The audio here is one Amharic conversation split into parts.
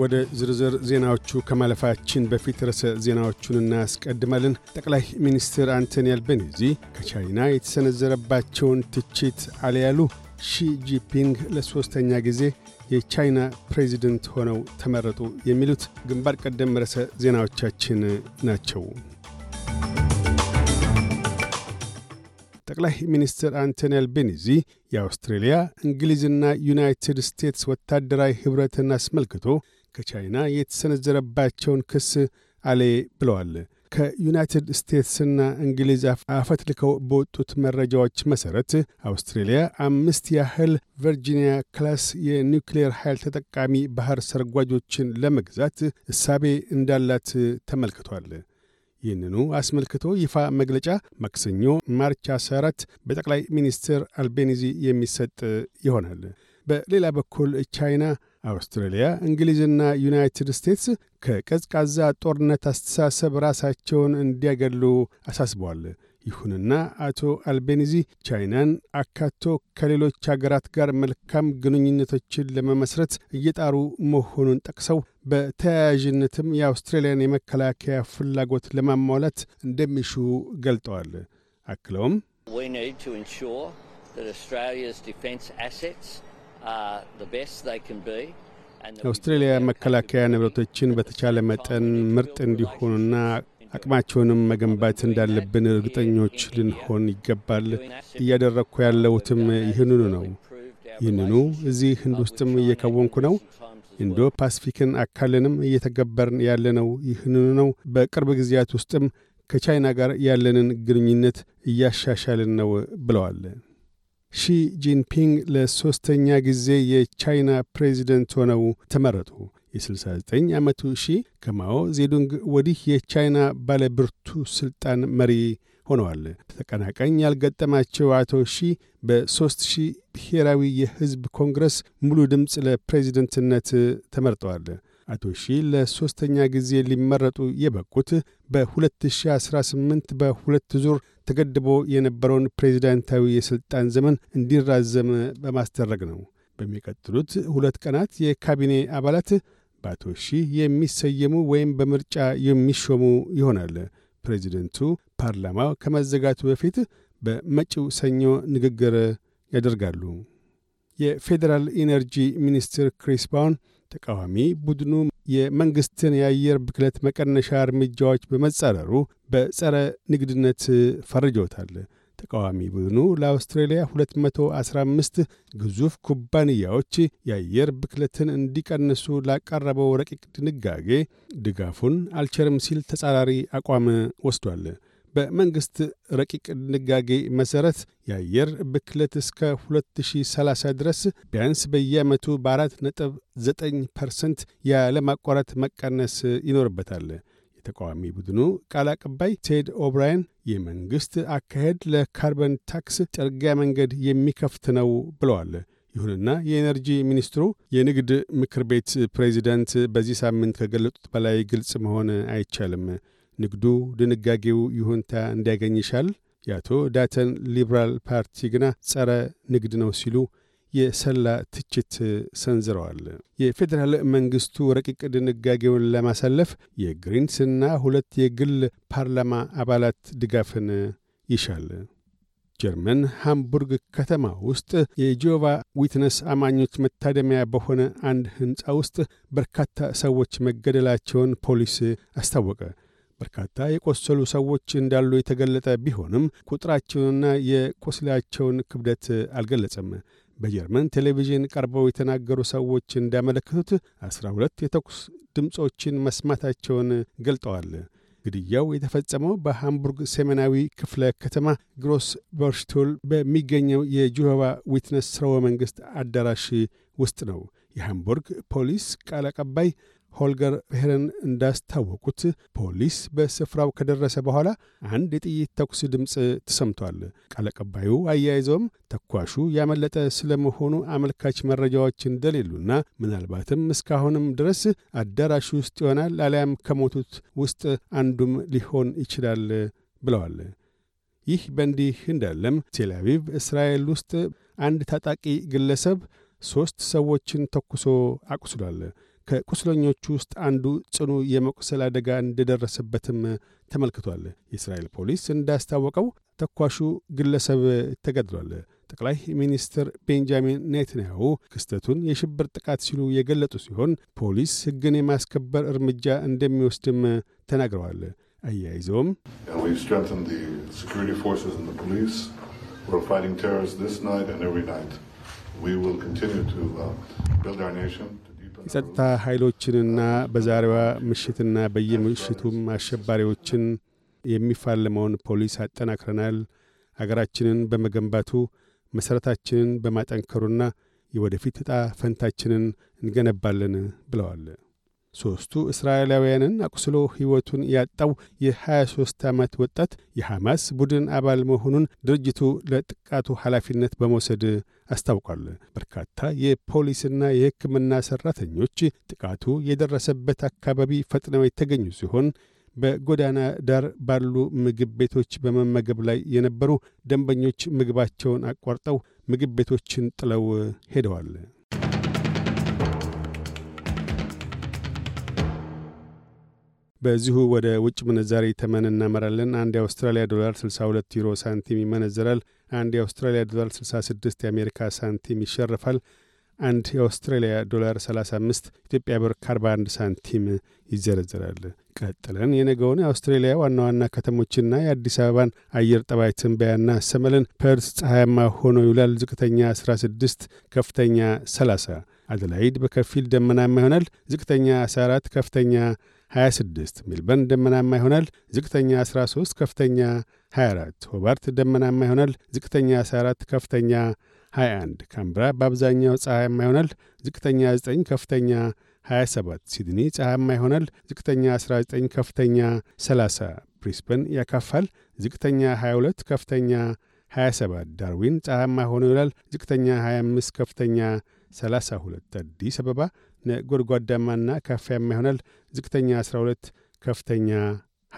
ወደ ዝርዝር ዜናዎቹ ከማለፋችን በፊት ርዕሰ ዜናዎቹን እናስቀድማለን። ጠቅላይ ሚኒስትር አንቶኒ አልቤኒዚ ከቻይና የተሰነዘረባቸውን ትችት አልያሉ። ሺጂፒንግ ለሦስተኛ ጊዜ የቻይና ፕሬዚደንት ሆነው ተመረጡ። የሚሉት ግንባር ቀደም ርዕሰ ዜናዎቻችን ናቸው። ጠቅላይ ሚኒስትር አንቶኒ አልቤኒዚ የአውስትሬልያ እንግሊዝና ዩናይትድ ስቴትስ ወታደራዊ ኅብረትን አስመልክቶ ከቻይና የተሰነዘረባቸውን ክስ አሌ ብለዋል። ከዩናይትድ ስቴትስና እንግሊዝ አፈትልከው በወጡት መረጃዎች መሠረት አውስትሬልያ አምስት ያህል ቨርጂኒያ ክላስ የኒውክሌር ኃይል ተጠቃሚ ባህር ሰርጓጆችን ለመግዛት እሳቤ እንዳላት ተመልክቷል። ይህንኑ አስመልክቶ ይፋ መግለጫ ማክሰኞ ማርች 14 በጠቅላይ ሚኒስትር አልቤኒዚ የሚሰጥ ይሆናል። በሌላ በኩል ቻይና አውስትራሊያ፣ እንግሊዝና ዩናይትድ ስቴትስ ከቀዝቃዛ ጦርነት አስተሳሰብ ራሳቸውን እንዲያገሉ አሳስበዋል። ይሁንና አቶ አልቤኒዚ ቻይናን አካቶ ከሌሎች አገራት ጋር መልካም ግንኙነቶችን ለመመስረት እየጣሩ መሆኑን ጠቅሰው በተያያዥነትም የአውስትራሊያን የመከላከያ ፍላጎት ለማሟላት እንደሚሹ ገልጠዋል። አክለውም የአውስትሬልያ መከላከያ ንብረቶችን በተቻለ መጠን ምርጥ እንዲሆኑና አቅማቸውንም መገንባት እንዳለብን እርግጠኞች ልንሆን ይገባል። እያደረግኩ ያለሁትም ይህንኑ ነው። ይህንኑ እዚህ ህንድ ውስጥም እየከወንኩ ነው። ኢንዶ ፓስፊክን አካልንም እየተገበርን ያለነው ይህንኑ ነው። በቅርብ ጊዜያት ውስጥም ከቻይና ጋር ያለንን ግንኙነት እያሻሻልን ነው ብለዋል። ሺ ጂንፒንግ ለሦስተኛ ጊዜ የቻይና ፕሬዚደንት ሆነው ተመረጡ። የ69 ዓመቱ ሺ ከማኦ ዜዱንግ ወዲህ የቻይና ባለብርቱ ሥልጣን መሪ ሆነዋል። ተቀናቃኝ ያልገጠማቸው አቶ ሺ በሦስት ሺህ ብሔራዊ የሕዝብ ኮንግረስ ሙሉ ድምፅ ለፕሬዚደንትነት ተመርጠዋል። አቶ ሺ ለሦስተኛ ጊዜ ሊመረጡ የበቁት በ2018 በሁለት ዙር ተገድቦ የነበረውን ፕሬዚዳንታዊ የሥልጣን ዘመን እንዲራዘም በማስደረግ ነው። በሚቀጥሉት ሁለት ቀናት የካቢኔ አባላት በአቶ ሺህ የሚሰየሙ ወይም በምርጫ የሚሾሙ ይሆናል። ፕሬዚደንቱ ፓርላማው ከመዘጋቱ በፊት በመጪው ሰኞ ንግግር ያደርጋሉ። የፌዴራል ኢነርጂ ሚኒስትር ክሪስ ባውን ተቃዋሚ ቡድኑ የመንግሥትን የአየር ብክለት መቀነሻ እርምጃዎች በመጻረሩ በጸረ ንግድነት ፈርጆታል። ተቃዋሚ ቡድኑ ለአውስትራሊያ 215 ግዙፍ ኩባንያዎች የአየር ብክለትን እንዲቀንሱ ላቀረበው ረቂቅ ድንጋጌ ድጋፉን አልቸርም ሲል ተጻራሪ አቋም ወስዷል። በመንግሥት ረቂቅ ድንጋጌ መሠረት የአየር ብክለት እስከ 2030 ድረስ ቢያንስ በየዓመቱ በ ዘጠኝ ፐርሰንት ያለማቋረጥ መቀነስ ይኖርበታል። የተቃዋሚ ቡድኑ ቃል አቀባይ ቴድ ኦብራያን የመንግሥት አካሄድ ለካርበን ታክስ ጠርጊያ መንገድ የሚከፍት ነው ብለዋል። ይሁንና የኤነርጂ ሚኒስትሩ የንግድ ምክር ቤት ፕሬዚዳንት በዚህ ሳምንት ከገለጡት በላይ ግልጽ መሆን አይቻልም። ንግዱ ድንጋጌው ይሁንታ እንዲያገኝ ይሻል። የአቶ ዳተን ሊብራል ፓርቲ ግና ጸረ ንግድ ነው ሲሉ የሰላ ትችት ሰንዝረዋል። የፌዴራል መንግስቱ ረቂቅ ድንጋጌውን ለማሳለፍ የግሪንስና ሁለት የግል ፓርላማ አባላት ድጋፍን ይሻል። ጀርመን ሃምቡርግ ከተማ ውስጥ የጂኦቫ ዊትነስ አማኞች መታደሚያ በሆነ አንድ ሕንፃ ውስጥ በርካታ ሰዎች መገደላቸውን ፖሊስ አስታወቀ። በርካታ የቆሰሉ ሰዎች እንዳሉ የተገለጠ ቢሆንም ቁጥራቸውንና የቁስላቸውን ክብደት አልገለጸም። በጀርመን ቴሌቪዥን ቀርበው የተናገሩ ሰዎች እንዳመለከቱት አስራ ሁለት የተኩስ ድምፆችን መስማታቸውን ገልጠዋል። ግድያው የተፈጸመው በሃምቡርግ ሰሜናዊ ክፍለ ከተማ ግሮስ በርሽቶል በሚገኘው የጆሆባ ዊትነስ ስርወ መንግሥት አዳራሽ ውስጥ ነው። የሃምቡርግ ፖሊስ ቃል አቀባይ ሆልገር ብሔርን እንዳስታወቁት ፖሊስ በስፍራው ከደረሰ በኋላ አንድ የጥይት ተኩስ ድምፅ ተሰምቷል። ቃለቀባዩ አያይዞም አያይዘውም ተኳሹ ያመለጠ ስለመሆኑ አመልካች መረጃዎች እንደሌሉና ምናልባትም እስካሁንም ድረስ አዳራሹ ውስጥ ይሆናል አሊያም ከሞቱት ውስጥ አንዱም ሊሆን ይችላል ብለዋል። ይህ በእንዲህ እንዳለም ቴልአቪቭ እስራኤል ውስጥ አንድ ታጣቂ ግለሰብ ሦስት ሰዎችን ተኩሶ አቁስሏል። ከቁስለኞቹ ውስጥ አንዱ ጽኑ የመቁሰል አደጋ እንደደረሰበትም ተመልክቷል። የእስራኤል ፖሊስ እንዳስታወቀው ተኳሹ ግለሰብ ተገድሏል። ጠቅላይ ሚኒስትር ቤንጃሚን ኔትንያሁ ክስተቱን የሽብር ጥቃት ሲሉ የገለጡ ሲሆን ፖሊስ ሕግን የማስከበር እርምጃ እንደሚወስድም ተናግረዋል። አያይዘውም የጸጥታ ኃይሎችንና በዛሬዋ ምሽትና በየምሽቱም አሸባሪዎችን የሚፋለመውን ፖሊስ አጠናክረናል። አገራችንን በመገንባቱ መሠረታችንን በማጠንከሩና የወደፊት ዕጣ ፈንታችንን እንገነባለን ብለዋል። ሦስቱ እስራኤላውያንን አቁስሎ ሕይወቱን ያጣው የ23 ዓመት ወጣት የሐማስ ቡድን አባል መሆኑን ድርጅቱ ለጥቃቱ ኃላፊነት በመውሰድ አስታውቋል። በርካታ የፖሊስና የሕክምና ሠራተኞች ጥቃቱ የደረሰበት አካባቢ ፈጥነው የተገኙ ሲሆን በጎዳና ዳር ባሉ ምግብ ቤቶች በመመገብ ላይ የነበሩ ደንበኞች ምግባቸውን አቋርጠው ምግብ ቤቶችን ጥለው ሄደዋል። በዚሁ ወደ ውጭ ምንዛሪ ተመን እናመራለን። አንድ የአውስትራሊያ ዶላር 62 ዩሮ ሳንቲም ይመነዘራል። አንድ የአውስትራሊያ ዶላር 66 የአሜሪካ ሳንቲም ይሸርፋል። አንድ የአውስትራሊያ ዶላር 35 ኢትዮጵያ ብር ከ41 ሳንቲም ይዘረዘራል። ቀጥለን የነገውን የአውስትሬሊያ ዋና ዋና ከተሞችና የአዲስ አበባን አየር ጠባይ ትንበያና ሰመልን ፐርስ ፀሐያማ ሆኖ ይውላል። ዝቅተኛ 16፣ ከፍተኛ 30። አደላይድ በከፊል ደመናማ ይሆናል። ዝቅተኛ 14፣ ከፍተኛ 26 ሜልበርን ደመናማ ይሆናል። ዝቅተኛ 13 ከፍተኛ 24 ሆባርት ደመናማ ይሆናል። ዝቅተኛ 14 ከፍተኛ 21 ካምብራ በአብዛኛው ፀሐያማ ይሆናል። ዝቅተኛ 9 ከፍተኛ 27 ሲድኒ ፀሐያማ ይሆናል። ዝቅተኛ 19 ከፍተኛ 30 ብሪስበን ያካፋል። ዝቅተኛ 22 ከፍተኛ 27 ዳርዊን ፀሐያማ ሆኖ ይውላል። ዝቅተኛ 25 ከፍተኛ 32 አዲስ አበባ ጎድጓዳማና ካፋያማ ይሆናል። ዝቅተኛ 12፣ ከፍተኛ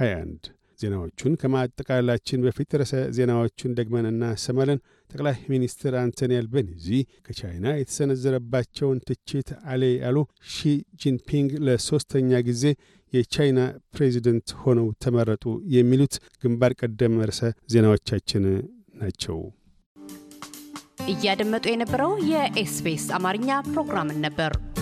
21። ዜናዎቹን ከማጠቃላላችን በፊት ርዕሰ ዜናዎቹን ደግመን እናሰማለን። ጠቅላይ ሚኒስትር አንቶኒ አልበኒዚ ከቻይና የተሰነዘረባቸውን ትችት አሌ ያሉ ሺ ጂንፒንግ ለሦስተኛ ጊዜ የቻይና ፕሬዚደንት ሆነው ተመረጡ። የሚሉት ግንባር ቀደም ርዕሰ ዜናዎቻችን ናቸው። እያደመጡ የነበረው የኤስቢኤስ አማርኛ ፕሮግራምን ነበር።